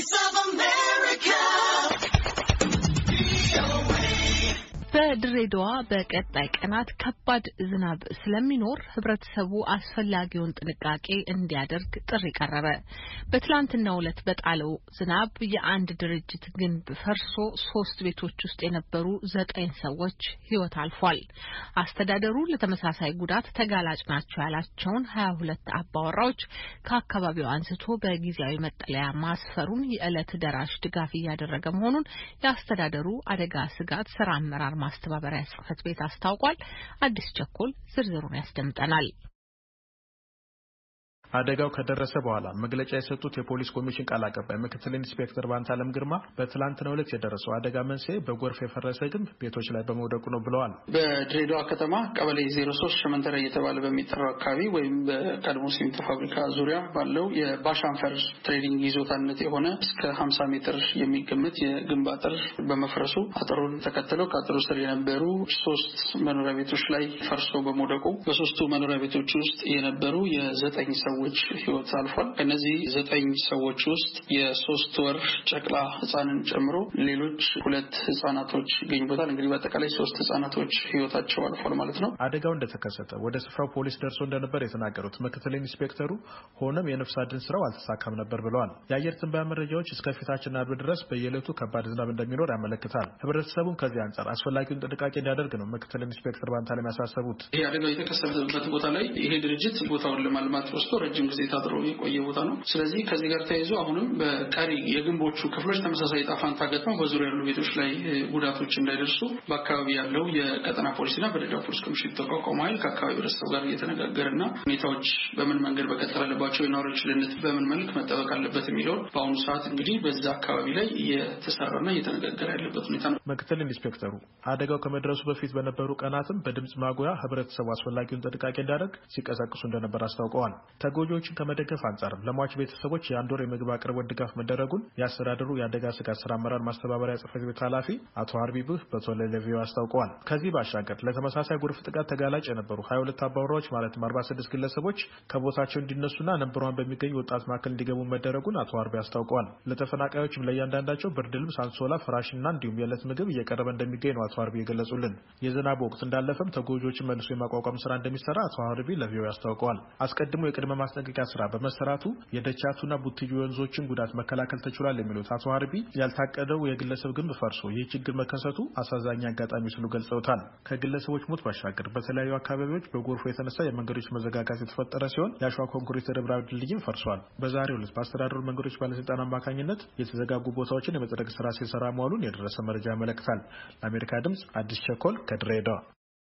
voice of በድሬዳዋ በቀጣይ ቀናት ከባድ ዝናብ ስለሚኖር ህብረተሰቡ አስፈላጊውን ጥንቃቄ እንዲያደርግ ጥሪ ቀረበ። በትላንትናው ዕለት በጣለው ዝናብ የአንድ ድርጅት ግንብ ፈርሶ ሶስት ቤቶች ውስጥ የነበሩ ዘጠኝ ሰዎች ህይወት አልፏል። አስተዳደሩ ለተመሳሳይ ጉዳት ተጋላጭ ናቸው ያላቸውን ሀያ ሁለት አባወራዎች ከአካባቢው አንስቶ በጊዜያዊ መጠለያ ማስፈሩን የዕለት ደራሽ ድጋፍ እያደረገ መሆኑን የአስተዳደሩ አደጋ ስጋት ስራ አመራር ማስተ ማስተባበሪያ ጽህፈት ቤት አስታውቋል። አዲስ ቸኮል ዝርዝሩን ያስደምጠናል። አደጋው ከደረሰ በኋላ መግለጫ የሰጡት የፖሊስ ኮሚሽን ቃል አቀባይ ምክትል ኢንስፔክተር ባንታለም ግርማ በትላንትናው ዕለት የደረሰው አደጋ መንስኤ በጎርፍ የፈረሰ ግንብ ቤቶች ላይ በመውደቁ ነው ብለዋል። በድሬዳዋ ከተማ ቀበሌ ዜሮ ሶስት ሸመንተረ እየተባለ በሚጠራው አካባቢ ወይም በቀድሞ ሲሚንቶ ፋብሪካ ዙሪያ ባለው የባሻንፈር ትሬዲንግ ይዞታነት የሆነ እስከ ሀምሳ ሜትር የሚገመት የግንብ አጥር በመፍረሱ አጥሩን ተከትለው ከአጥሩ ስር የነበሩ ሶስት መኖሪያ ቤቶች ላይ ፈርሶ በመውደቁ በሶስቱ መኖሪያ ቤቶች ውስጥ የነበሩ የዘጠኝ ሰው ሰዎች ህይወት አልፏል። ከነዚህ ዘጠኝ ሰዎች ውስጥ የሶስት ወር ጨቅላ ህጻንን ጨምሮ ሌሎች ሁለት ህጻናቶች ይገኙበታል። እንግዲህ በአጠቃላይ ሶስት ህጻናቶች ህይወታቸው አልፏል ማለት ነው። አደጋው እንደተከሰተ ወደ ስፍራው ፖሊስ ደርሶ እንደነበር የተናገሩት ምክትል ኢንስፔክተሩ፣ ሆኖም የነፍስ አድን ስራው አልተሳካም ነበር ብለዋል። የአየር ትንበያ መረጃዎች እስከ ፊታችን አርብ ድረስ በየዕለቱ ከባድ ዝናብ እንደሚኖር ያመለክታል። ህብረተሰቡም ከዚህ አንጻር አስፈላጊውን ጥንቃቄ እንዲያደርግ ነው ምክትል ኢንስፔክተር ባንታ ለሚያሳሰቡት። ይሄ አደጋው የተከሰተበት ቦታ ላይ ይሄ ድርጅት ቦታውን ለማልማት ወስዶ ለረጅም ጊዜ ታጥሮ የቆየ ቦታ ነው። ስለዚህ ከዚህ ጋር ተያይዞ አሁንም በቀሪ የግንቦቹ ክፍሎች ተመሳሳይ ጣፋንታ ገጥመው በዙሪያ ያሉ ቤቶች ላይ ጉዳቶች እንዳይደርሱ በአካባቢ ያለው የቀጠና ፖሊስና በደጋ ፖሊስ ኮሚሽን የተቋቋመው ይል ከአካባቢ ህብረተሰብ ጋር እየተነጋገረና ሁኔታዎች በምን መንገድ በቀጠር አለባቸው፣ የነዋሪዎች ደህንነት በምን መልክ መጠበቅ አለበት የሚለውን በአሁኑ ሰዓት እንግዲህ በዛ አካባቢ ላይ እየተሰራና እየተነጋገረ ያለበት ሁኔታ ነው። ምክትል ኢንስፔክተሩ አደጋው ከመድረሱ በፊት በነበሩ ቀናትም በድምፅ ማጉያ ህብረተሰቡ አስፈላጊውን ጥንቃቄ እንዳደረግ ሲቀሰቅሱ እንደነበር አስታውቀዋል። ተጎጂዎችን ከመደገፍ አንጻርም ለሟች ቤተሰቦች የአንድ ወር የምግብ አቅርቦት ድጋፍ መደረጉን የአስተዳደሩ የአደጋ ስጋት ስራ አመራር ማስተባበሪያ ጽህፈት ቤት ኃላፊ አቶ አርቢብህ በቶሎ አስታውቀዋል። ከዚህ ባሻገር ለተመሳሳይ ጎርፍ ጥቃት ተጋላጭ የነበሩ 22 አባወራዎች ማለትም 46 ግለሰቦች ከቦታቸው እንዲነሱና ነንበሯን በሚገኝ ወጣት ማዕከል እንዲገቡ መደረጉን አቶ አርቢ አስታውቀዋል። ለተፈናቃዮችም ለእያንዳንዳቸው ብርድ ልብስ፣ አንሶላ፣ ፍራሽና እንዲሁም የዕለት ምግብ እየቀረበ እንደሚገኝ ነው አቶ አርቢ የገለጹልን። የዝናብ ወቅት እንዳለፈም ተጎጂዎችን መልሶ የማቋቋም ስራ እንደሚሰራ አቶ አርቢ ለቪዮ አስታውቀዋል። አስቀድሞ የቅድመ የማስጠንቀቂያ ስራ በመሰራቱ የደቻቱና ቡትዩ ወንዞችን ጉዳት መከላከል ተችሏል የሚሉት አቶ ሀርቢ ያልታቀደው የግለሰብ ግንብ ፈርሶ ይህ ችግር መከሰቱ አሳዛኝ አጋጣሚ ስሉ ገልጸውታል። ከግለሰቦች ሞት ባሻገር በተለያዩ አካባቢዎች በጎርፎ የተነሳ የመንገዶች መዘጋጋት የተፈጠረ ሲሆን የአሸዋ ኮንክሪት ርብራብ ድልድይም ፈርሷል። በዛሬው ዕለት በአስተዳደሩ መንገዶች ባለስልጣን አማካኝነት የተዘጋጉ ቦታዎችን የመጽደቅ ስራ ሲሰራ መዋሉን የደረሰ መረጃ ያመለክታል። ለአሜሪካ ድምጽ አዲስ ቸኮል ከድሬዳዋ